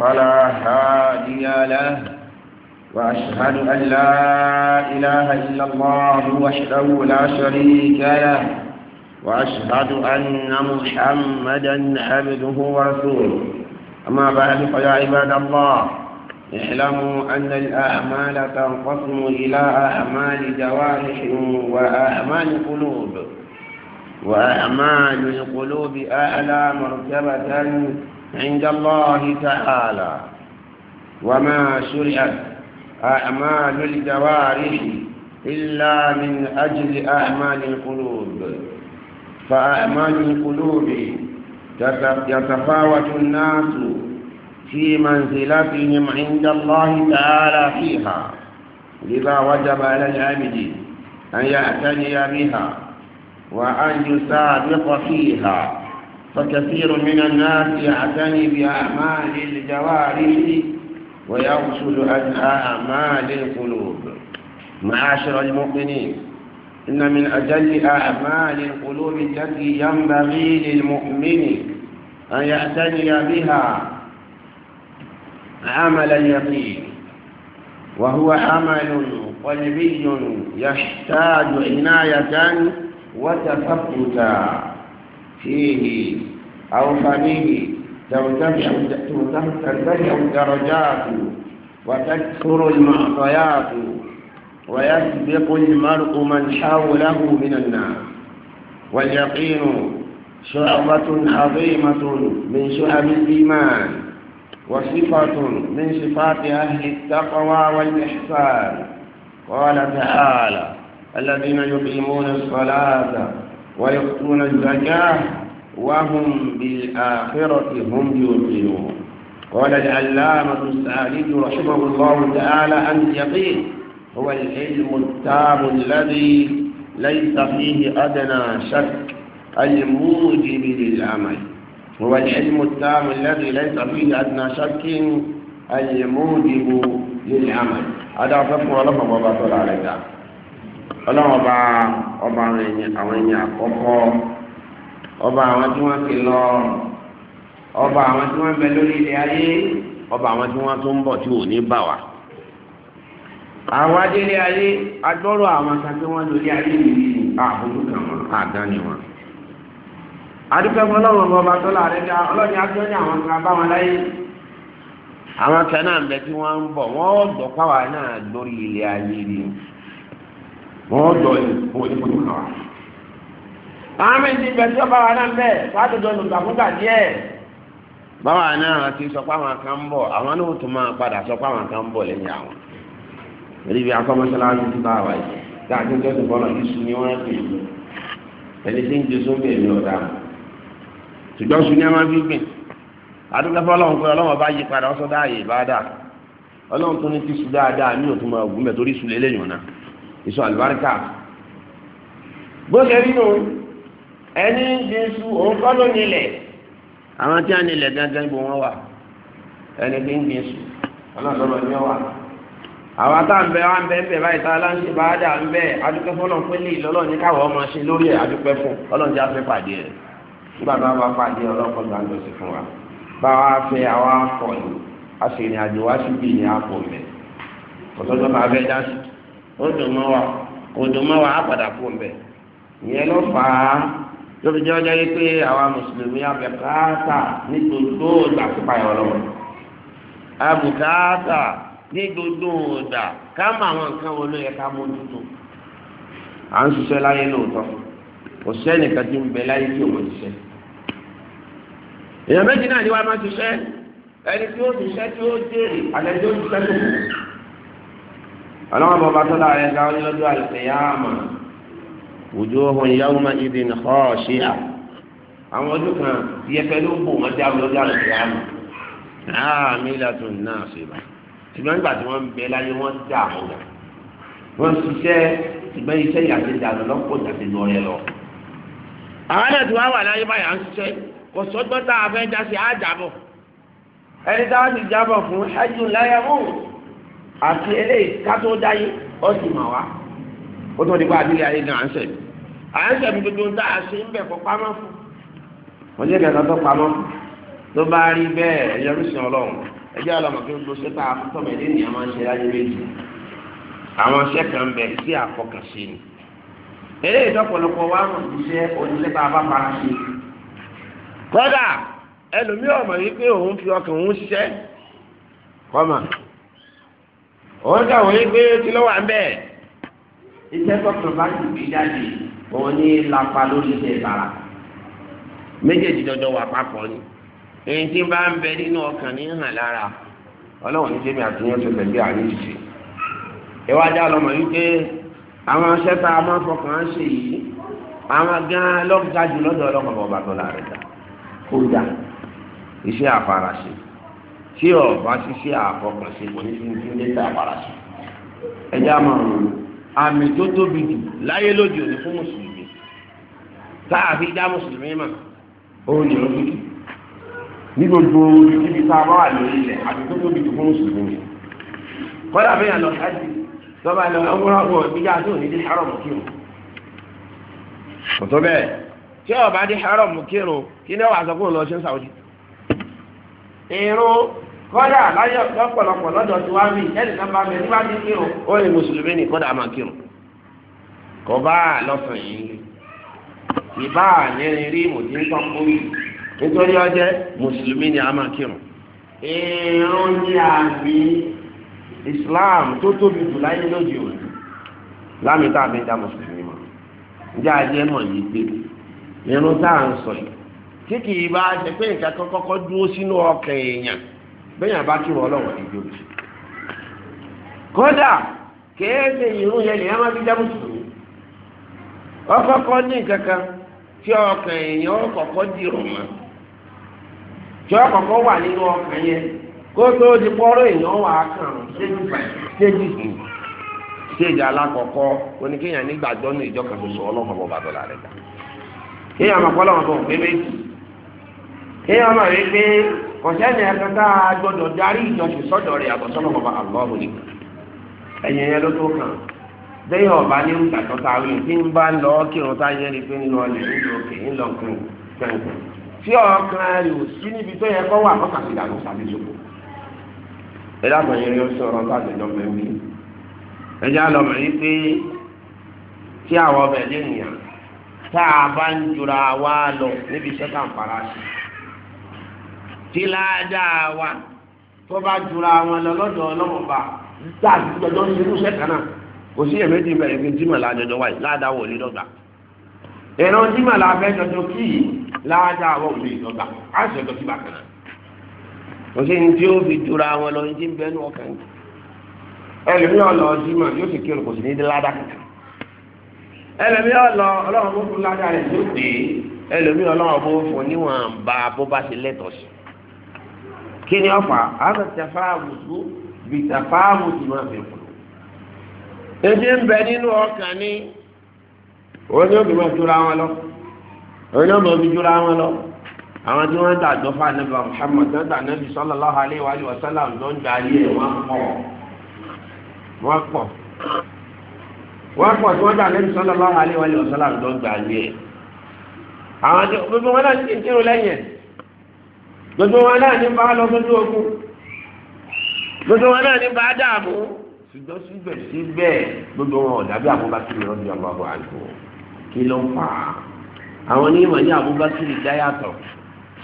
فلا هادي له وأشهد أن لا إله إلا الله وحده لا شريك له وأشهد أن محمدا عبده ورسوله أما بعد فيا عباد الله اعلموا أن الأعمال تنقسم إلى أعمال جوارح وأعمال قلوب وأعمال القلوب أعلى مرتبة عند الله تعالى وما شرعت أعمال الجوارح إلا من أجل أعمال القلوب فأعمال القلوب يتفاوت الناس في منزلتهم عند الله تعالى فيها لذا وجب على العبد أن يعتني بها وأن يسابق فيها فكثير من الناس يعتني بأعمال الجوارح ويغسل عن أعمال القلوب معاشر المؤمنين إن من أجل أعمال القلوب التي ينبغي للمؤمن أن يعتني بها عمل اليقين وهو عمل قلبي يحتاج عناية وتفقتا فيه أو فيه ترتفع الدرجات وتكثر المعطيات ويسبق المرء من حوله من الناس واليقين شعبة عظيمة من شعب الإيمان وصفة من صفات أهل التقوى والإحسان قال تعالى الذين يقيمون الصلاة ويؤتون الزكاة وهم بالآخرة هم يوقنون قال العلامة السعدي رحمه الله تعالى أن اليقين هو العلم التام الذي ليس فيه أدنى شك الموجب للعمل هو العلم التام الذي ليس فيه أدنى شك الموجب للعمل هذا صفر لفظ الله تعالى ọlọ́run ọba ọba àwọn ẹ̀yìn àkọ́kọ́ ọba àwọn tí wọ́n ti lọ ọba àwọn tí wọ́n bẹ lórí ilé ayé ọba àwọn tí wọ́n tó ń bọ̀ tí ò ní ayé àwọn wọn lórí ayé yìí àbúrò kan wọn àdán ni wọn. adúpẹ́fọ́ ọlọ́run ọba tọ́lá rẹ̀ dá ọlọ́run àwọn kan bá wọn láyé. àwọn kan náà ń bẹ tí wọ́n ń bọ̀ wọ́n dọ̀pá wọ́n jọ ní fún ìbò ní kàwá. àmì ti bẹ̀ ọba wa náà díẹ̀. báwa náà ti sọ pé àwọn kan ń bọ̀ àwọn náà tún máa padà sọ pé àwọn kan ń bọ̀ lẹ́yìn àwọn. ti bá wa yìí tó ti bọ́lá ni wọ́n ẹni tí ń jẹ èmi ọ̀dà ṣùgbọ́n sùn ní a máa fi gbìn èso àlùbáríkà bó ṣe rí nù ẹni jésù òun kọ́ ló nílẹ̀ àwọn tí a nílẹ̀ gángan ibo wọn wà ẹni tí ń jésù ọlọ́dọ̀ọ́lọ́ ni wọ́n wà àwọn tá ń bẹ wá ń bẹ ń bẹ báyìí tá a lá ń ṣe bá dà ń bẹ adúpẹ́ fún ọlọ́run pé lè lọ́lọ́run ní káwọ́ ọmọ ṣe lórí ẹ̀ adúpẹ́ fún ọlọ́run tí a fẹ́ pàdé ẹ̀ nígbà tó a bá pàdé ọlọ́pọ̀ gbà ń lọ sí fún wa bá wa fẹ́ àwa kọ̀ ní a sì rìn àjò wá síbi ìyẹn àpò mẹ́ ọ̀tọ́jọ́ máa fẹ́ dá sí i ó dùn mọ́ wa kò dùn mọ́ wa á padà kú mbẹ́ ìyẹn ló fà á tó fi jẹ́ ọjọ́ yìí pé àwa mùsùlùmí abẹ́káàtà ní gbogbo ìgbà pípa ẹ̀ ọlọ́wọ́ abùkáàtà ní gbogbo ìgbà ká mọ àwọn nǹkan wo ló yẹ ká mójútó à ń ṣiṣẹ́ láyé lóòótọ́ kò sẹ́nìkan tí ń bẹ láyé tí òun ṣiṣẹ́ èèyàn méjì náà ni wàá má ṣiṣẹ́ ẹni tí ó ṣiṣẹ́ tí ó jèrè àlẹ́ tí ó ṣiṣẹ́ tó kù ọlọ́wọ́n bọ̀ bá tó láàrin ẹ̀ka ọyọ́ ọdún àlùfẹ́yàmà òjò ohun ìyáwó máa ibi nìkọ́ ṣe à àwọn ọdún kan tí ẹfẹ́ ló bò wọ́n jáwé lọ́jọ́ àlùfẹ́yàmà àmì ìlàtún náà ṣe bá ṣùgbọ́n nígbà tí wọ́n ń bẹ láyé wọ́n dà ọ̀gá wọ́n ṣiṣẹ́ ṣùgbọ́n iṣẹ́ yàtí dànù lọ́pọ̀ jàdé lọ rẹ lọ. àwọn náà tí wọ́n wà láyé báyà ń ṣiṣẹ́ kò sọ́gbọ́n tá fẹ́ já sí àjàbọ̀ ẹni táwọn ti jábọ̀ fún ẹjù láyà mọ́wọ́. àti eléyìí kátó dáyé ó sì mà wá ó tó di pa àdílé ayé gan ànsẹ̀ mi ànsẹ̀ mi gbogbo ń tá a ṣe ń bẹ̀ kó pamọ́ fún wọ́n jẹ́ kẹ́kẹ́ tó pamọ́ tó bá rí bẹ́ẹ̀ ẹ̀yẹ a ma tọ́mọ ẹ̀dẹ́ máa ń ṣe láyé méjì àwọn kan sí àfọkànṣe ni eléyìí tọ́pọ̀lọpọ̀ wa mọ̀ iṣẹ́ oníṣẹ́ tá a bá fara ṣe kódà ẹlòmíràn mọ̀ wípé òun fi ọkàn òun òun dà wọ́n yí pé kí ló wà ń bẹ̀. iṣẹ́ tọ́tù bá ti fi jáde òun ní lápá lórí iṣẹ́ ìbára méjèèjì dọ́dọ̀ wà papọ̀ ni èyí tí bá ń bẹ nínú ọkàn ní hàn lára ọlọ́run ní sẹ́mi àtúnyẹ́ tó tẹ̀lé àárín ìṣe. ìwádìí àlọ́mọ yìí pé àwọn aṣẹ́ tá a máa fọkàn ṣe yìí àwọn gan-an lọ́gàjù lọ́dọ̀ ọlọ́kàn bọ̀ bàtọ́ láàrin ta kódà iṣẹ́ àfaraṣe tí ọba ṣíṣe àfọkànṣe kò ní fi ní lẹ́tà àpárá sí ẹjẹ́ àmọ́ àmì tó tóbi jù láyé lóde òní fún mùsùlùmí tá a fi dá mùsùlùmí mà òun ni òun fi ní gbogbo ibi tá a bá wà lórí ilẹ̀ àti tó tóbi jù fún mùsùlùmí kọ́lá fi hàn lọ sáájú tọ́ba lọ ọmọràn wọ ìgbéjà tí ní dé haram kírun kò tó bẹ́ẹ̀ tí ọba dé haram kírun kí ni wàá sọ fún un lọ sí Saudi. irun kọ́dà láyọ̀ lọ́pọ̀lọpọ̀ lọ́dọ̀ tí rí bá mi nígbà tí kírun. ó ní mùsùlùmí ni kọ́dà máa kírun kò bá lọ́sàn yìí ìbá àyẹ̀rin rí mùsùlùmí nítorí ọjẹ́ mùsùlùmí ni a máa kírun. ni àmì Islam tó tóbi jù láyé lóde òní dá mùsùlùmí ǹjẹ́ mọ̀ yìí tiki kì í bá ṣe pé nǹkan kan kọ́kọ́ dúró sínú ọkàn èèyàn bẹ́yàn bá kí wọ́n lọ́wọ́ ìjọ òsì. kódà kéèké ìrún yẹn lèyàn máa fi já mùsùlùmí ọkọ̀ọ̀kọ̀ ní nǹkan kan tí ọkàn èèyàn di rọ̀mọ́ tí ọkọ̀ọ̀kọ̀ wà nínú ọkàn yẹn kó tó di pọ́rọ̀ èèyàn wà á kàn séjì séjì alákọ̀ọ́kọ́ oníkéèyàn ìjọ kan tó sọ kí ọmọ rẹ pé kọ̀sẹ́ni ẹ̀ka tá a gbọ́dọ̀ darí ìjọsìn sọ́dọ̀ rẹ̀ àbọ̀sọ́nà àlọ́ọ̀bù ẹ̀yìn ló tó kàn déyìn ọba ní ìgbàtọ́ ta rí tí ń bá ń lọ kírun tá yẹn ni pé ń lọ ilẹ̀ ń lọ kè ń lọ tí ọkàn rẹ ò sí níbi tó yẹ wà sàbí sòkò ẹ tí ládàá wa tó bá jura wọn lọ lọ́dọ̀ ọlọ́wọ́n bá tá a ti jọjọ́ ní irúṣẹ́ kan náà kò sí èméjì bẹ̀rẹ̀ fi jímọ̀ lájọjọ́ wáyé ládàá wò ní dọ́gba ìran jímọ̀ la fẹ́ jọjọ́ kí yìí ládàá wò ní dọ́gba á sì jọjọ́ kí bàkan náà kò fi jura wọn lọ ní tí ń bẹ́ẹ̀ ní ọkàn yìí ẹlẹmi ọlọ yóò sì kírun kò sì di ládà kankan ẹlẹmi ọlọ Ọlọ́run bó fún ládà rẹ tó dé ẹlẹmi Ọlọ́run bó fún níwọn bá bó bá ṣe lẹ́tọ̀ọ́ sí kí ni ọfà àgbà tafáàmùtù bí tafáàmùtù máa fi kù. ebi ń bẹ nínú ọkàn ní ni ó fi máa wọn lọ òun ni wọn lọ àwọn tí wọn ń dàjọ fún anabi Muhammad tó ń dà anabi sallallahu alaihi wa sallam tó ń darí ẹ wọn wọn wọn tí wọn dà ń gbogbo wọn náà ní bá lọ sójú ogun gbogbo wọn náà ní bá dààmú ṣùgbọ́n síbẹ̀síbẹ̀ gbogbo wọn ọ̀dàbí Abubakar rọ́bì ọlọ́bọ̀ àjò kí ló ń fà á àwọn onímọ̀ ní Abubakar dáyàtọ̀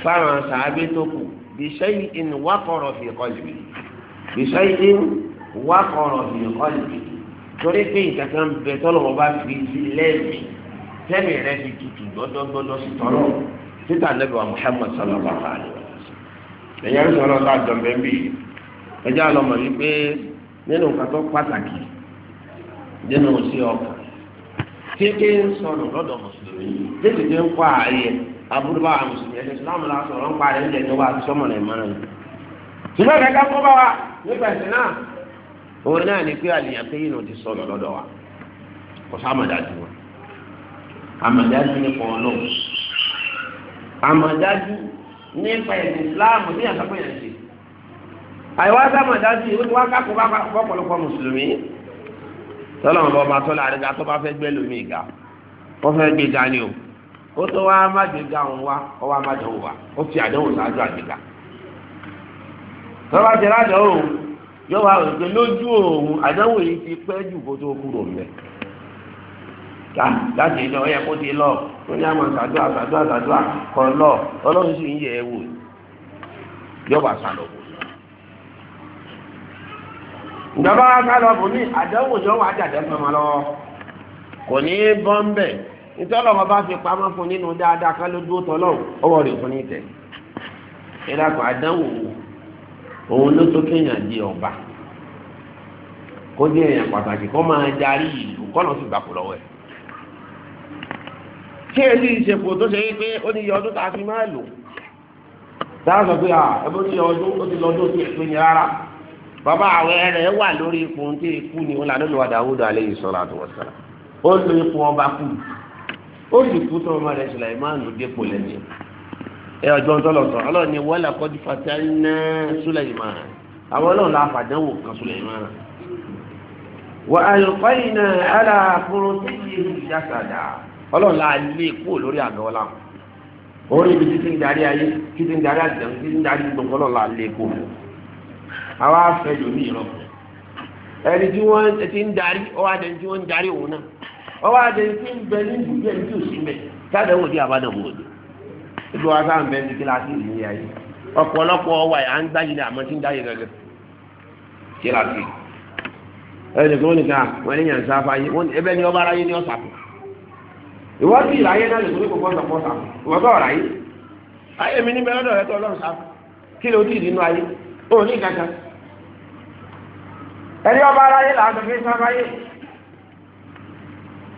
fáwọn sàábé tó kù bìṣẹ́yìn wákọ̀rọ̀ fi kọ́lì mi bìṣẹ́yìn wákọ̀rọ̀ fi kọ́lì mi torí pé ìkankan bẹ tọ́lọ̀ wọn bá fi sí lẹ́ẹ̀mí tẹ́mi rẹ fi tutù ẹ̀yà ń sọ̀rọ̀ tá a jọ̀ bẹ́ẹ̀ bì ẹjẹ́ àlọ́ nínú nǹkan tó pàtàkì nínú sí ọkàn tí kí ń sọnù lọ́dọ̀ mùsùlùmí tètè tí ń kọ́ ààyè àbúrò bá mùsùlùmí ẹ̀sìn Islam la sọ̀rọ̀ ń ṣùgbọ́n kẹ́kẹ́ kó bá wa ẹ̀sìn náà òun náà ni pé àlìyàn pé yìí ti lọ́dọ̀ wa kò sámàdájú wa àmàdájú àmàdájú nípa ẹ̀sìn ìsìláàmù ní àtàkùn yẹn ṣe. àìwá sábà dájú ìwé tí wọ́n kákó bá pọ̀pọ̀lọpọ̀ mùsùlùmí. tọ́lọ̀ wọn bọ́ máa tọ́lá àríga tó bá fẹ́ gbé lómi wọ́n fẹ́ gbé ga ni o. ó tó wá má òun wá ó wá má wá ó fi àdéhùn sáájú tọ́lá ti láti ìjọ ọyẹ kó ti lọ tó ní àmọ́ ṣàdúrà ṣàdúrà ṣàdúrà kan lọ ọlọ́run sì ń yẹ ẹ wò yọba sálọ bò ìjọba sálọ bò ní àdánwò yọ wà dàdé fún ọmọ lọ kò ní í bọ́ ń bẹ̀ ìtọ́lọ̀ wọn bá fi pamọ́ fún nínú dáadáa ká ló dúró tọ́lọ̀ ọwọ́ rẹ̀ fún ní tẹ̀ ìlàkùn àdánwò òun ló tó kéèyàn di ọba kó dé èèyàn pàtàkì kó máa darí ìlú kọ́nà sì gbàpò lọ́wọ́ ẹ̀ kí ẹ sì ṣèpò tó ṣe yí pé ó ní iye ọdún tá a fi máa lò táwọn sọ pé à ẹbí ó ti yọ ọdún ó ti lọ ọdún ó ti ẹ̀pẹ́ rárá bàbá àwẹ̀ rẹ̀ wà lórí ipò tí ikú ni ó lànà lọ́wọ́ Dáúdù alayhi salatu wa salam ó lo ipò ọba kù ó sì kú tó ọmọ rẹ̀ Sùlàímánù dépò lẹ́ni ẹ ọjọ́ tó lọ sọ ọlọ́ọ̀ni wọ́n là kọ́jú fatanna Sùlàímánù àwọn ọlọ́ọ̀ni la fàdánwò kan Sùlàímánù. wà á yọ̀ ọlọ́run la lé kúrò lórí ibi títí ń ayé títí ń la lé kúrò àwa fẹ́ ìrọ̀ ẹni tí wọ́n ti ń darí ọwọ́ adé tí wọ́n ń darí òun náà ọwọ́ adé tí ń bẹ ní tí ò sí mẹ́ wò di wa sáà ń bẹ ní kíláàsì ìlú ní ayé ọ̀pọ̀lọpọ̀ ọwọ́ à ń gbáyé ní àmọ́ tí ń dáyé gẹ́gẹ́ kíláàsì ẹni tó ní ká wọ́n ní yàn sáfà yé ẹbẹ́ ni ọba aráyé ìwọ́sí ìráyé náà lè tó ní kò gbọ́dọ̀ pọ̀ sàmù ìwọ́sọ̀ ọ̀ráyé ayé mi níbẹ̀ lọ́dọ̀ rẹ tó ọlọ́run sàmù kí ló dì nínú ayé ó ní ẹni ọba aráyé là á sọ fún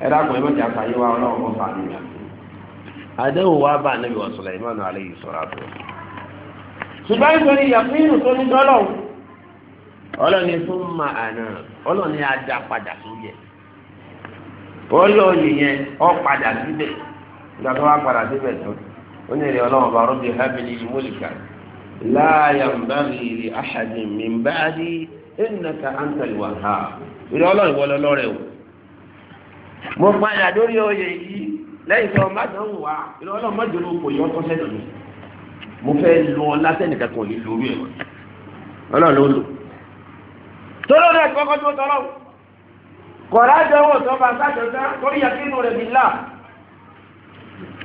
ẹ dákun wa ọlọ́run àdéhùn wa bá níbi wọn ìmọ̀ náà ṣùgbọ́n bọ́ọ̀lù òye yẹn ọ padà síbẹ̀ nígbà tó wá padà síbẹ̀ tó ó ní èrè ọlọ́run bá rọ́bì hábìlì múlìkà láàyà ń bá rí rí àṣàdì ẹnìkan àǹtàlì wà ha èrè ọlọ́run wọlé lọ́rẹ̀ o. mo padà lórí oyè yìí lẹ́yìn tó dán wà ọlọ́run má kò yọ tọ́sẹ̀ mo fẹ́ lọ kò ní lórí ẹ̀ ọlọ́run ló lò. kọ̀ọ̀rọ̀ àjọwọ̀ tó bá sájọjá torí yakínú rẹ̀ bí là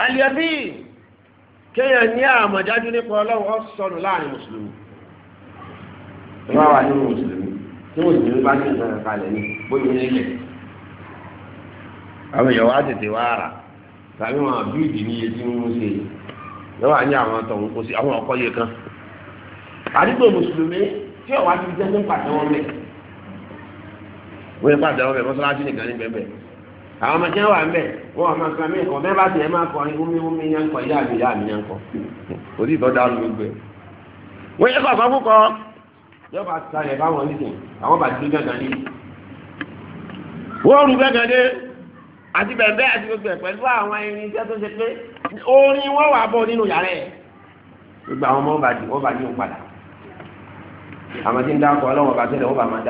àlẹ́bí kéèyàn ní àmọ̀dájú nípa ọlọ́run ọ sọnù láàrin mùsùlùmí ìwà wà nínú mùsùlùmí tí mùsùlùmí bá ní ìtàn kalẹ̀ ní bóyá nílẹ̀ àwọn èèyàn wá tètè wá rà tàbí wọn àbí ìdí ní iye tí wọn ń ṣe lọ́wọ́ àní àwọn tọ̀hún kò sí àwọn ọkọ̀ yẹ kan àdúgbò mùsùlùmí tí ọ̀wá ti jẹ́ nípa tí wọ́n mẹ́ẹ̀ wọ́n yẹ pàṣẹ àwọn bẹ̀ mọ́sálásí nìkan ní bẹ́ẹ̀ bẹ́ẹ̀ àwọn ọmọ tí wọ́n wà ń bẹ̀ wọ́n ọmọ kan mí kọ́ bẹ́ẹ̀ bá tiẹ̀ máa kọ́ wúmi wúmi yá ń kọ́ ìyá mi ìyá mi yá ń kọ́ òdì ìtọ́jà ló gbé wọ́n yẹ kọ̀ọ̀kan kúkọ́ yọba sàlẹ̀ báwọn nìkan àwọn bàtí ló gàgà ní. wọ́n rú gàgà dé àti bẹ̀ẹ̀bẹ̀ àti gbogbo ẹ̀ pẹ̀lú àwọn irinṣẹ́ tó ṣe pé orin wọ́n wà bọ̀ nínú yàrá ẹ̀ gbogbo àwọn ọmọ bàjẹ́ wọ́n bàjẹ́ òun padà àwọn tí ń dákọ̀ ọlọ́wọ́ bàtẹ́lẹ̀ wọ́n bà máa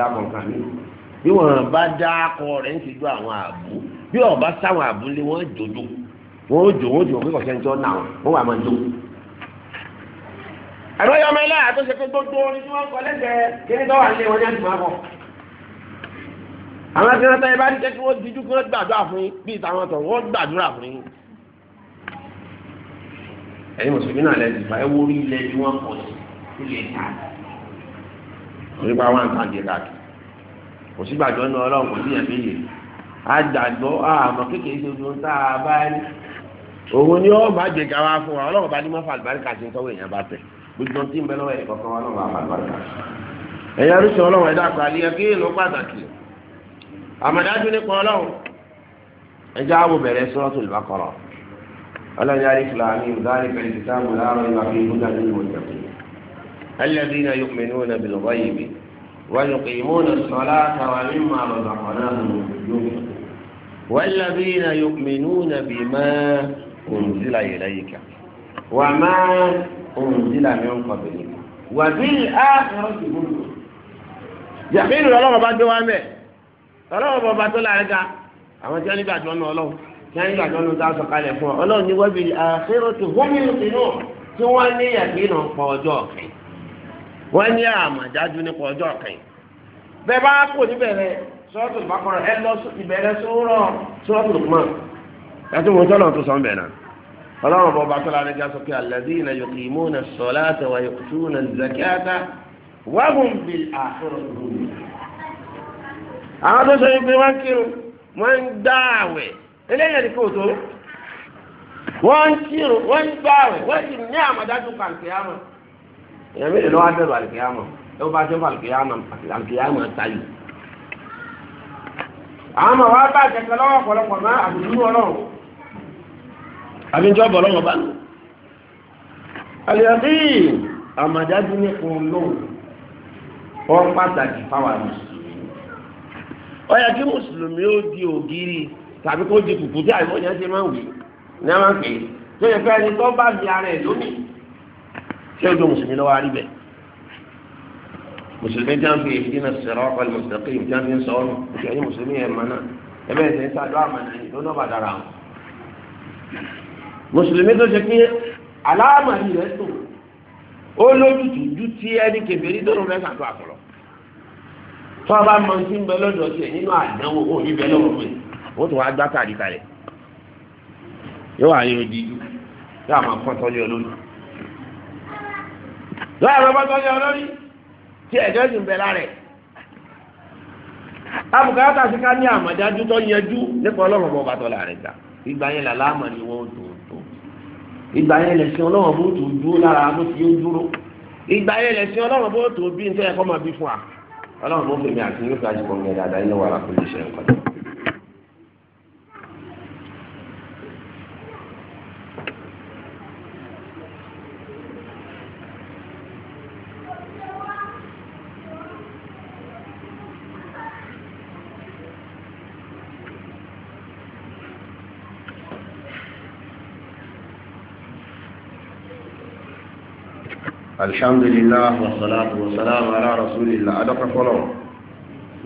bí wọn bá dá akọ rẹ̀ ń ti jó àwọn àbú bí wọn bá sáwọn àbú lé wọn jòjò wọn ò jò wọn ò jò wọn pé kọ̀ọ̀kẹ́ ń tọ́ náà wọn wà máa ń jó. àbí wọn yọ ọmọ ẹlẹ́yà tó ṣe pé gbogbo orin tí wọ́n kọ lẹ́sẹ̀ẹ́ kí ni tọ́wà lé wọn ní àtìmọ́ àbọ̀. àwọn tí wọn tẹ́ ẹ bá ní kẹ́kẹ́ wọ́n dijú kí wọ́n gbàdúrà fún yín bí ìtàwọn tọ̀ wọ́n gbàdúrà fún yín. ẹ̀yin mùsùlùmí náà lẹ́sìn ìgbà ẹ wórí ilẹ̀ tí wọ́n kọ̀ sí kò sí gbàgbọ́ nínú ọlọ́run kò sí yẹn méye àgbàgbọ́ àmọ́ kékeré ṣe ojú tá a bá rí òun ni ó máa gbé gawa fún wa ọlọ́run bá ní mọ́ fàlùbáríkà sí tọ́wọ́ èèyàn bá tẹ̀ gbogbo tí ń bẹ lọ́wọ́ ẹ̀kọ́ kan ọlọ́run bá fàlùbáríkà ẹ̀yà rúṣin ọlọ́run ẹ̀dá kan àlẹ́ kí ló pàtàkì àmọ̀dájú nípa ọlọ́run ẹjọ́ àwọ̀ bẹ̀rẹ̀ Suratul Baqara ọlọ́run yára ويقيمون الصلاة ومما رزقناهم ينفقون والذين يؤمنون بما أنزل إليك وما أنزل من قبلك وبالآخرة هم يقين الله بعد دوامه الله بعد طلع رجع àwọn tí wọn nígbà tó ń lọ Ọlọ́run tí wọn nígbà tó ń lọ dáhùn sọ̀kalẹ̀ fún ọ Ọlọ́run ní wọn bìrì àkérò tó gómìnà tó náà tí wọn ní yàgbé náà pọ ọjọ́ ọ̀fẹ́ wọ́n ní àmọ̀dájú nípa ọjọ́ kẹyìn. bẹ́ẹ̀ bá kò níbẹ̀rẹ̀ sọ́ọ́tù bákọ́rọ̀ ẹ lọ ìbẹ̀rẹ̀ sọ́ọ́rọ̀ sọ́ọ́tù lùkùmọ̀ ẹtú wọn tọ́lọ̀ tó sọ́n bẹ̀rẹ̀ ọlọ́run bọ̀ bá tọ́lá rẹ̀ já sọ pé alladhina yuqimuna as-salata wa yu'tuna az-zakata wa hum bil akhirati hum àwọn tó sọ pé wọ́n kírun wọ́n ń dá àwẹ̀ eléyìí ni kò tó wọ́n ń kírun wọ́n ń dá àwẹ̀ wọ́n sì ní àmọ̀dájú kàǹkì àmọ̀ èèyàn mélòó lọ́wọ́ àtẹ̀rù àlùkìyàmọ̀ lọ́wọ́ bá tẹ́fọ́ àlùkìyàmọ̀ àlùkìyàmọ̀ táyì. àwọn ọmọ wa bá àjẹsẹ lọ́wọ́ ọ̀pọ̀lọpọ̀ mọ́ àbùdúrú ọlọ́run àbíjọ́ bọ̀ lọ́wọ́ bá lù. àlùyàbí àmàdájú ní kò lóhùn wọ́n pàtàkì fáwọn mùsùlùmí. ó yẹ kí mùsùlùmí ó di ògiri tàbí kó di kùkùté àìmọ́ ni wọ́n ti máa ń wí ní wọ́n pè é tó yẹ fẹ́ ẹni tó bá di ara ẹ̀ lónìí tí ó jọ mùsùlùmí lọ́wọ́ àríbẹ̀ mùsùlùmí tí wọ́n fi ìdínà sọ̀rọ̀ ọ̀pọ̀lọpọ̀ mùsùlùmí tí wọ́n fi ń sọ ọ́nù ìṣẹ̀yìn mùsùlùmí yẹn mọ̀ náà ẹ̀bẹ̀ ẹ̀sẹ̀ ń sàdó àmàlà yìí ló lọ́ba dára wọn. mùsùlùmí tó ṣe pé aláàmà yìí rẹ̀ tó ó lójútù ju ti ẹni kẹfẹ́rí tó ló fẹ́ sàdó tó a bá mọ ti bẹ lọ́dọ̀ tiẹ̀ nínú àdánwò ó ní bẹ lọ́wọ́ pé ó tún wá gbá kàdí kalẹ̀ yóò wá yóò di yóò àmọ́ kọ́ńtọ́lé lọ́yà bàbá tó ní ọlọ́rí tí ẹ̀jọ́ sì ń bẹ lára ẹ̀. abùkátà sí ká ní àmọ̀dájú tó yẹjú nípa ọlọ́run bọ̀ bàtọ́ láàrin gbà ìgbà yẹn là láàmà ni wọ́n tó tó ìgbà yẹn ọlọ́run bó tó dúró lára bó ti dúró ìgbà yẹn ọlọ́run alhamdulillah wasalaatu wasalaamu ala rasulillah adọ́kọ̀ fọlọ́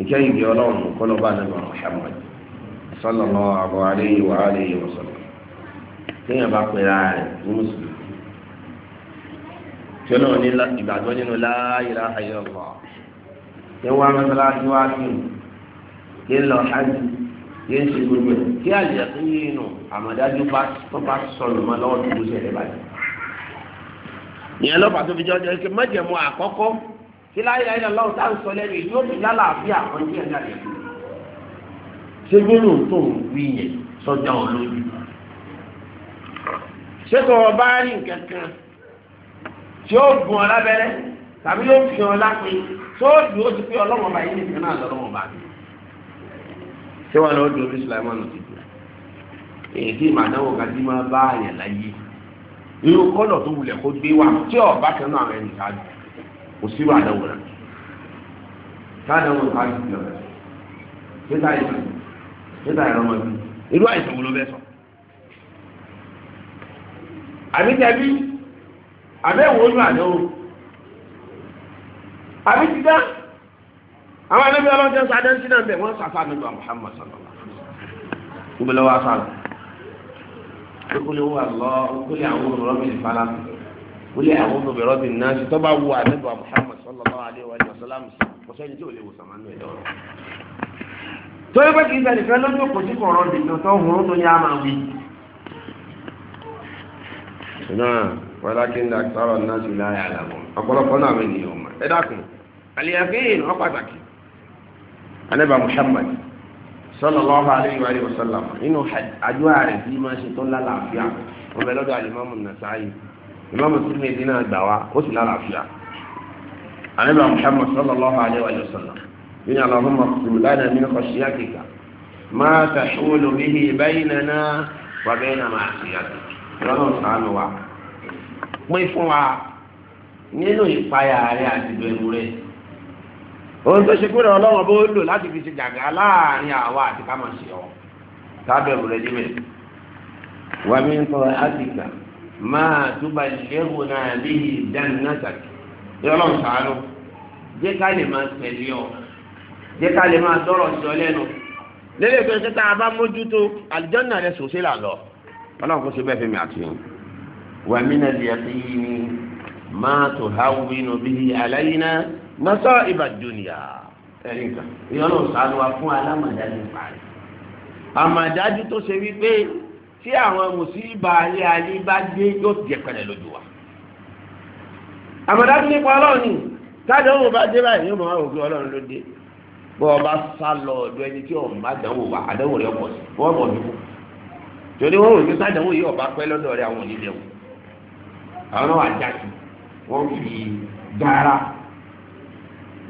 ìkẹ́ ìgbẹ́ ọlọ́run kọlọ́ba nígbà muhammad sallallahu alayhi wa alihi wa sallam téèyàn bá pè ra rẹ̀ ní mùsùlùmí tí ọlọ́run ní ìgbàgbọ́ nínú la ilaha illallah ẹ wá mọ́sálásí wá sí kí ń lọ hajj kí ń ṣe gbogbo kí àjẹkùn yìí nù àmọ̀dájú bá sọ̀rọ̀ mọ́ lọ́wọ́ tó gbóṣẹ́ rẹ̀ báyìí ìyẹn lọ́pàá tó fi jẹ́ ọjọ́ ike mẹ́jẹ̀mú àkọ́kọ́ tí láyé ayé lọ́wọ́ tá à ń sọ lẹ́nu yìí yóò fi yálà àfi àkọ́jú ẹ̀ jáde. ṣé gbólóhùn tó ń wí yẹn sọjà olójú. ṣé tó o bá rí nǹkan kan tí ó gun ọ lábẹ́rẹ́ tàbí yóò fi ọ lápin tó o dùn ó ti pé ọlọ́mọba yìí nìkan náà lọ́lọ́mọba mi. ṣé wọn lọ dùn orí sùlámọ́nù ti dùn èyí tí màdáwò kan máa bá àyàn láyé irú kọ́lọ̀ tó wulẹ̀ kó gbé wa tí ọba kẹnu àwọn ẹni ká jù kò sí wà lọ́wọ́ rẹ̀ káàdánwó ká jù lọ rẹ̀ títà ìlú títà ìlú ọmọdé irú àìsàn wo ló bẹ́ sọ. àbí tẹ̀bí àbẹ́ wo ló àdánwó àbí títà àwọn ẹlẹ́bí ọlọ́jọ́ sọ adé ń sínú ẹ̀ wọ́n sàfà nígbà Muhammad sallallahu alaihi wasallam kúlẹ̀ wà lọ kúlẹ̀ àwọn olùrọ̀bì ìfara kúlẹ̀ àwọn olùrọ̀bì náà ṣe tọ́ba wo àdébà Muhammad sallallahu alaihi wa sallam kò sẹ́ni tí ò lè wò sàmánú ẹ̀ lọ́rọ̀. torí pé kì í sẹ́ni fẹ́ lójú kò sí kọ̀ọ̀rọ̀ dìgbò tó ń hurú tó ní àmà wí. náà walakin akthara an-nas la ya'lamun ọ̀pọ̀lọpọ̀ náà mi nìyẹn o ma ẹ dákun àlìyàfẹ́ yìí ni wọ́n pàtàkì àdébà Muhammad sallallahu alayhi wa sallam inú àdúrà rẹ̀ bí máa ṣe tó lálàáfíà wọn bẹ lọ́dọ̀ alimami nasa'i imam Tirmidhi náà gbà wá ó sì lálàáfíà anabi muhammad sallallahu alayhi wa sallam yìí ni allahumma qsim lana min khashyatika ma tahulu bihi baynana wa bayna ma'siyatika lọ́nà sànù wa pín fún wa nínú ìpayà rẹ̀ àti bẹ̀rù rẹ̀ ohun tó ṣe pé ọlọ́wọ́n bó lò láti fi ṣe jàgà láàrin àwa àti ká máa ṣe ọ tábẹ̀rù rẹ níbẹ̀. wà mí ń tọrọ àtìkà máa túbà lẹ́wù náà bí ìdánilásàkì yọlọ́n sàánú jẹ́ ká lè máa tẹ̀lé ọ jẹ́ ká lè máa dọ́rọ̀ sí ọ lẹ́nu. lélẹ̀ tó ṣe tá a bá mójútó àlùjànnà rẹ sòṣè là lọ ọlọ́run kò ṣe bẹ́ẹ̀ fi mi àti yín. wà mí nà lè àti yín máa tó háwù inú bí aláyín mọ́tọ́ ìbàdúnìyà ẹ̀rí nǹkan ìyọ́nà òsàlù wa fún alámọ̀dájú parí àmọ̀dájú tó ṣe wípé tí àwọn mùsíbà ayé ayé bá dé yóò jẹ pẹ̀lẹ́ lójú wa àmọ̀dájú nípa ọlọ́run ni òun bá dé báyìí yóò máa òkè ọlọ́run ló dé bọ́ ọ sá lọ ẹni tí ọ̀hún bá dánwò wá àdánwò rẹ̀ pọ̀ sí wọ́n bọ̀ dúró wọn ò ní sádánwò yìí ọba pẹ́ lọ́dọ̀ àwọn àwọn náà wà jáde wọ́n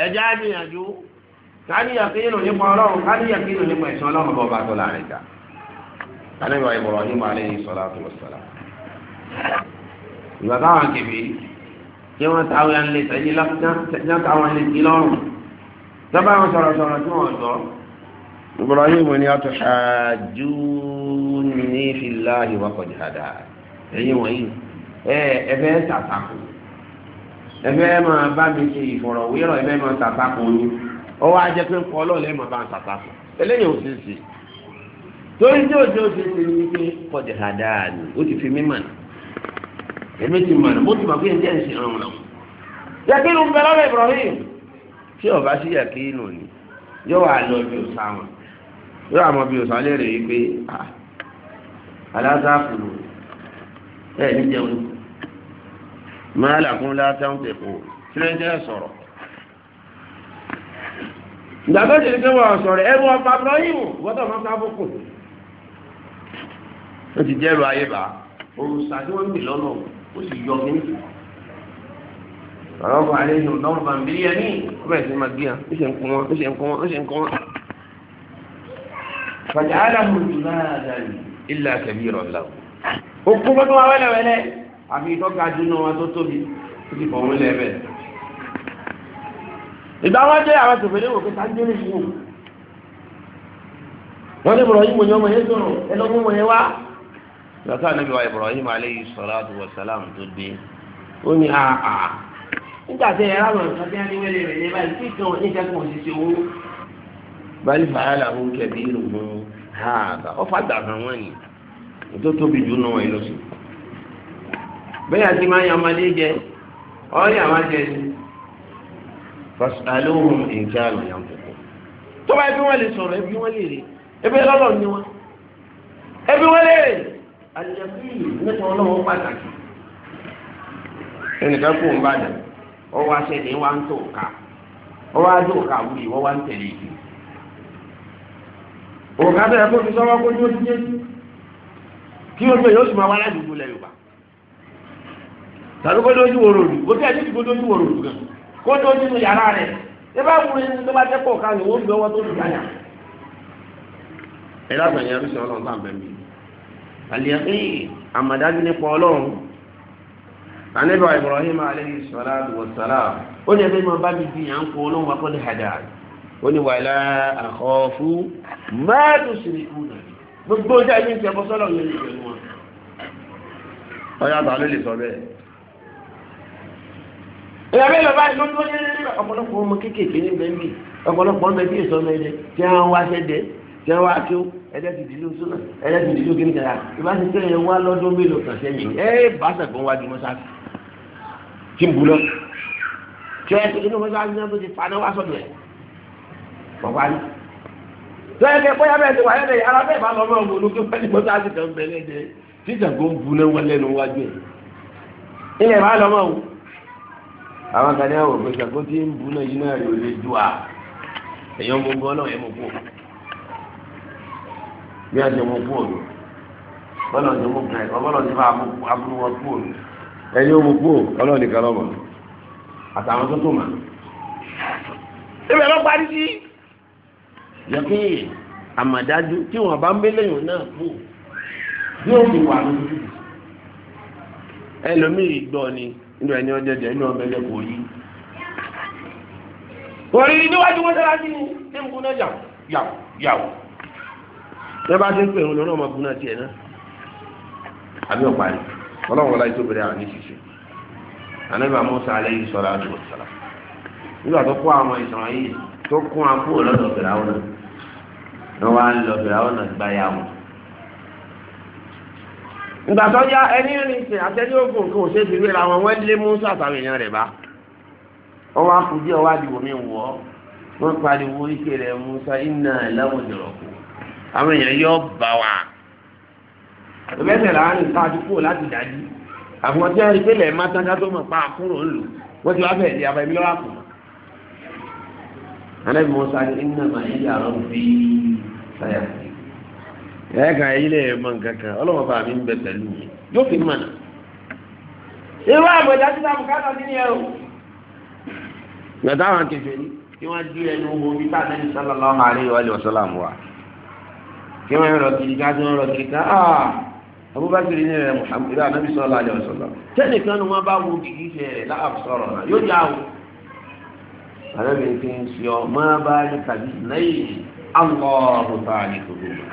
ẹjẹ́ àgbìyànjú káníyà kí nínú nípa ọlọ́run káníyà kí nínú nípa ìṣọ́ ọlọ́run bọ̀ bá tó láàrin ìjà kánìwá ìbọ̀rọ̀ ní màálé yìí sọ̀rọ̀ àti wọ̀sọ̀rọ̀ ìgbà táwọn kìbí kí wọ́n táwọn ilé tẹ̀lé lọ́kàn táwọn ilé tí lọ́rùn sábà wọn sọ̀rọ̀ sọ̀rọ̀ tí wọ́n gbọ́. Ibrahim ni a tún ṣáájú ní fìlà ìwà kọjá dáa wọ̀nyí ẹ̀ ẹ̀ fẹ́ ṣàtàkùn ẹfẹ máa bá mi ṣe ìfọ̀rọ̀wérọ̀ ẹfẹ máa tàtàkù yín ọwọ́ ajẹ́ pé ń kọ́ ọlọ́ọ̀lẹ́ ẹ̀ máa bá ń tàtàkù eléyìí ò sì sí torí tí òjò ò sì sí ni pé kọjá dáadáa ni ó ti fi mí mà ní èmi ti mà ní mo ti mà pé ǹjẹ́ ń ṣe ọ̀run náà yàkínú bẹ lọ́rọ̀ Ibrahim tí ọba sí yàkínú ni yóò wà lọ bí o wọn yóò àmọ́ bí òsà lérè yìí pé ah, aláṣà kùnú ẹ̀ ní jẹun máa làkún látàn tẹ̀kọ́ tírẹ́jẹ́ sọ̀rọ̀. ìgbàgbọ́ ṣe pé wọ́n sọ̀rọ̀ ẹ̀rù ọ̀pá Ibrahim gbọ́dọ̀ máa sábó kù. wọ́n ti jẹ́rù ayé bá òrùsà tí wọ́n ń bì lọ́nà ó sì yọ mí. àwọn ọkọ̀ àlẹ́ yìí lọ́rùn bá ń bí yẹn ní ọbẹ̀ ìṣe máa gbé yàn ó ṣe ń kún wọn ó ṣe ń kún wọn ó ṣe ń kún wọn. fàjà ádámù ìlú náà dàrí ilé àfi ìtọ́ka jùlọ wọn tó tóbi tó ti fọ̀wọ́n lẹ́ẹ̀bẹ̀. ìgbà wọn jẹ́ àwọn tòfin ní òkè sáńdélé fún un wọ́n ní Ibrahim ní ọmọ yẹn sọ̀rọ̀ ẹlọ́mú ọmọ yẹn wá. lọ́sọ̀ ànábì wa Ibrahim aleyhi salatu wa salam tó dé ó ní àà nígbà tí ẹ ráwọn nǹkan bí wọ́n lè rẹ̀ lẹ́bàá ìfẹ́ ìtàn oníṣẹ́kùn òṣìṣẹ́ owó. báyìí fàyàlà ń kẹ̀bí ìrùn hàn ọ̀fà dàgbà wọn bẹ́ẹ̀ àti máa ń yan ọmọdé jẹ ọ̀rẹ́ àwọn jẹ ni fasalóhùn nǹkan àrùn yàn tó kù. tó bá ẹbí wọn lè sọ̀rọ̀ ẹbí wọn lè rè ẹbí lọ́lọ́ ni wọn ẹbí wọn lè rè àjẹbí mẹ́ta wọn lọ́wọ́ pàtàkì. ẹnìkan kò ń bàdàn ọwọ́ aṣẹ́ni wa ń tó ká ọwọ́ adó ká wuli wọ́n wá ń tẹ̀lé ìdí. òkà bẹ́ẹ̀ kó fi sọ́wọ́ kó tó ti dé kí o gbé yóò sì máa wá ládùúgbò lẹ́yìn tàbí kó lójú wòrò rù bó tí a ti kó lójú wòrò rù gan kó tó nínú yàrá rẹ̀ ẹ bá wúre ní tó bá jẹ́ pọ̀ káyọ̀ wọ́n gbé ọwọ́ tó lù káyà. ẹ lágbàá yẹn rúṣin ọlọ́run tá à ń bẹ̀ mí. àmàdájú nípa ọlọ́run ànábì Ibrahim alayhi salatu wa salam ó ní ẹgbẹ́ máa bá mi fi hàn kó ọlọ́run wa kọ́ ní hàdà ó ní wàhálà àkọ́fù máa tó sì ní kúnà gbogbo ọjà ìyàbẹ̀ lọ́ba ìlú tó ní ọ̀pọ̀lọpọ̀ ọmọ kéékèèké ní bẹ́ẹ̀mì ọ̀pọ̀lọpọ̀ ọmọ ẹbí ìsọmọ ẹdẹ tí wọ́n wá sẹ́dẹ̀ tí wọ́n wá kí ó ẹdẹ ti dìlú sọ́nà ẹdẹ ti dìlú kí ní kàrà ìbá ti tẹ̀yẹ wá lọ́dún mélòó kan sẹ́yìn ẹ bá sẹ̀gbọ́n wá di mọ́sáàsì tí ń bu lọ tí wọ́n ti inú mọ́sáàsì náà tó ti fa náà wá sọ́dọ̀ ẹ̀ bàbá yìí lọ́yẹ̀kẹ́ bóyá bẹ́ẹ̀ ti wà lẹ́dẹ̀ yàrá bẹ́ẹ̀ bá lọ́mọ ọ̀gbọ̀n olókè wọ́n ní mọ́sáàsì kan bẹ́ẹ̀ lẹ́dẹ̀ tí ìjàgbọ́n bu náà wọ́n lẹ́nu wájú ẹ̀ ilẹ̀ bá lọ́mọ ọ̀gbọ̀n àwọn kan ní àwọn òpin ṣàkó tí ń bu náà yìí náà rí olè ju à èèyàn mo gbọ́ náà yẹ mo kú bí a ṣe mo kú òdu bọ́lá ṣe mo kú ẹ̀ bọ́lá ṣe máa aburú wọn kú òdu ẹ̀yin mo kú ọlọ́run nìkan lọ́mọ àtàwọn tó tó mà. ibẹ̀ ló parí sí. yẹ àmàdájú tí wọn bá ń bẹ́lẹ̀ yòó náà kú yóò fi wà lójú ẹlòmíì gbọ́ ni nínú ẹni ọjọjẹ inú ọmọ ẹgbẹ́ kò rí kò rí níwájú mọ́sálásí ni ṣé ń kúná yàwó yàwó yàwó ṣé bá ṣe ń pè ń lọ náà ọmọ kúná tiẹ̀ náà àbí ọ̀pá rẹ̀ ọlọ́run wọlé tó bẹ̀rẹ̀ àwọn ìṣiṣẹ́ ànábì Mùsá alayhi salatu wassalam nígbà tó kó àwọn ìṣàn yìí tó kún àpò lọ́dọ̀ fìràwọ̀n náà wọ́n á lọ fìràwọ̀n náà gbáyàwó ìgbà tó yá ẹni rìn sìn àtẹni ogun kò ṣe ti wéra wọn wọn lé musa àtàwọn èèyàn rẹ bá wọn wá kú díẹ̀ wá dìbò mi wọ wọn pariwo ike rẹ musa iná ẹlẹwọn jọrọ àwọn èèyàn yọ bá wa. ìbẹ́sẹ̀ láàrin káàdì kúrò láti dájú àwọn tí wọn rí pé lẹ́ẹ̀ má tó mọ̀ pa àkúrò ńlò wọ́n ti wá bẹ̀rẹ̀ di abayé lọ́wọ́ àpò. alẹ́ musa iná màá ẹ̀ẹ́kan ẹ̀yìn lè mọ nǹkan kan ọlọ́wọ́ bá mi ń bẹ pẹ̀lú mi yóò fi mọ̀nà. irú àgbẹ̀dá tí táwọn bùkátà sí ni ẹ o. gbẹ̀dá àwọn ni kí wọ́n dí ẹnu wo bí bá àtẹ́ni sallallahu alaihi wa sallam wa. kí kiri ká kiri ká ah, Abubakar anabi tẹ́lẹ̀ kan ni wọ́n bá wo kìkì rẹ̀ náà yóò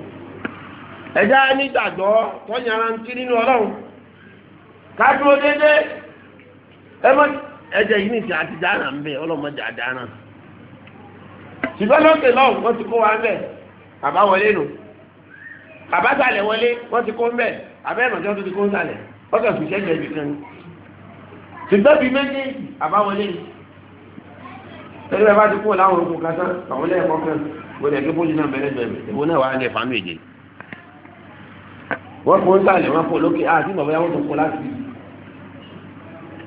ẹjá nígbàgbọ́ tó yanrantí nínú ọlọ́run ká dúró déédéé ẹjẹ yìí nìkan àti dáná ń bẹ ọlọ́mọdé àdáná ṣùgbọ́n lókè lọ́wọ́ wọ́n ti kó wa ń bẹ̀ bàbá wọlé nù bàbá sàlẹ̀ wọlé wọ́n ti kó ń bẹ̀ abẹ́ ìrànjọ́ tó ti kó ń sàlẹ̀ wọ́n kàn fi ṣẹ́jẹ̀ ibi kan ṣùgbọ́n bíi bàbá wọlé ẹgbẹ́ bá ti kó kásán àwọn ilé ẹ̀kọ́ kan wọlé náà wọ́n fún sàlẹ̀ wọ́n fún lókè àti ah, bàbá yàwó tó kó láti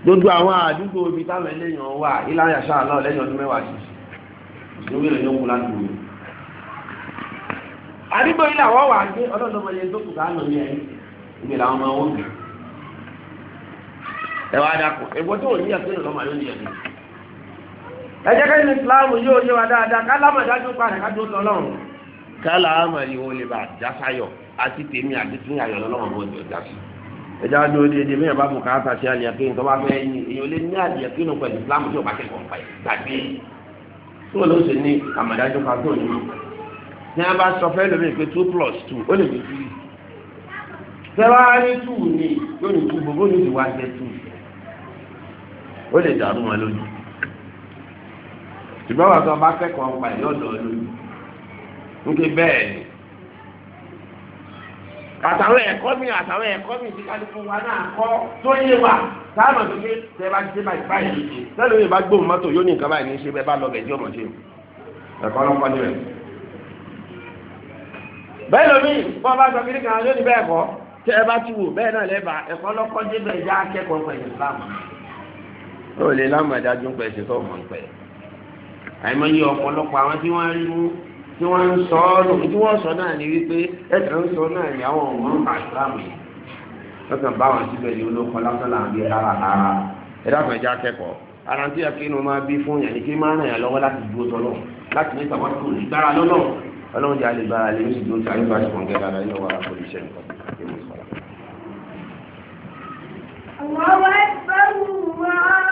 dodo àwọn àdúgbò ibi táwọn ẹlẹ́yìn wà ìlànà àṣà náà lẹ́yìn ọdún mẹ́wàá sí ìṣòwò ìròyìn òkú láti wò. àdúgbò ilé àwọn wà gbé ọlọ́dún ọmọ yẹn tó kù ká nàní ẹ ìgbè làwọn ọmọ wọn gbé. ẹ wá dàpọ̀ ẹ̀gbọ́n tó wò ní ẹ̀sìn ìlọ́mọ yóò ní ẹ̀sìn. ẹ jẹ́ kẹ́yìn Islam yóò yé wa dáadáa ká lámàdájú pa àdàkájú ọlọ́run kálá àmàlí wo lè bá dásayọ̀ àti tèmi àti tún ayọ̀ lọ́wọ́ bó ti dá sí. ẹja ní o déédéé bẹ́ẹ̀ bá bùkátà sí àlìyàkí nǹkan bá fẹ́ èèyàn lé ní àlìyàkí nù pẹ̀lú Islam tí o bá kẹ́kọ̀ọ́ pa ẹ̀ tàbí tó ló sì ní àmàdájú kan tó ní. ní a bá sọ fẹ́ lómi pé two plus two ó lè fi three. fẹ́wárí two ni yóò ní two gbogbo ní ìwà jẹ two. ó lè dàrú wọn lójú. ṣùgbọ́n wàá sọ bá kẹ́kọ̀ọ́ pa ẹ̀ yọ̀ọ̀dọ̀ lójú nke bẹ́ẹ̀ ni àtàwọn ẹ̀kọ́ mi àtàwọn ẹ̀kọ́ mi ti kálukú wa náà kọ́ tó yé wa sáàmà tó ké tẹ bá dé báyìí báyìí sẹ́nu yìí bá gbóhùn mọ́tò yóò ní nǹkan báyìí ní í ṣe bẹ́ẹ̀ bá lọ bẹ̀ jẹ́ ọmọ ṣe ẹ̀kọ́ lọ́kọ́ níbẹ̀. bẹ́ẹ̀ lómi bọ́ bá sọ kiri kan lónìí bẹ́ẹ̀ kọ́ tẹ ẹ bá ti wò bẹ́ẹ̀ náà lẹ́bàá ẹ̀kọ́ lọ́kọ́ débẹ̀ já akẹ́kọ̀ọ́ pẹ̀lú láàmú. ó lè láàmú ẹ̀dá dún ṣe tó mọ̀ pẹ̀ tí wọ́n ń sọ ọ́ tí wọ́n sọ náà ni wípé ẹ̀sẹ̀ ń sọ náà ni àwọn ọmọ ń bá ìsìlámù yìí lọ́kàn bá wọn síbẹ̀ ní olóko lásán là ń ara ara ẹ̀dá kan já ara tí akéwìn máa bí fún yàn ní kí máa ràn yàn lọ́wọ́ láti dúró tọ́lọ̀ láti ní sàwọn tó lè gbára lọ́nà ọlọ́run jà lè gbára lè ní ìdúró tí a bá ti kàn gẹ́ nínú wàrà pẹ̀lú iṣẹ́ nǹkan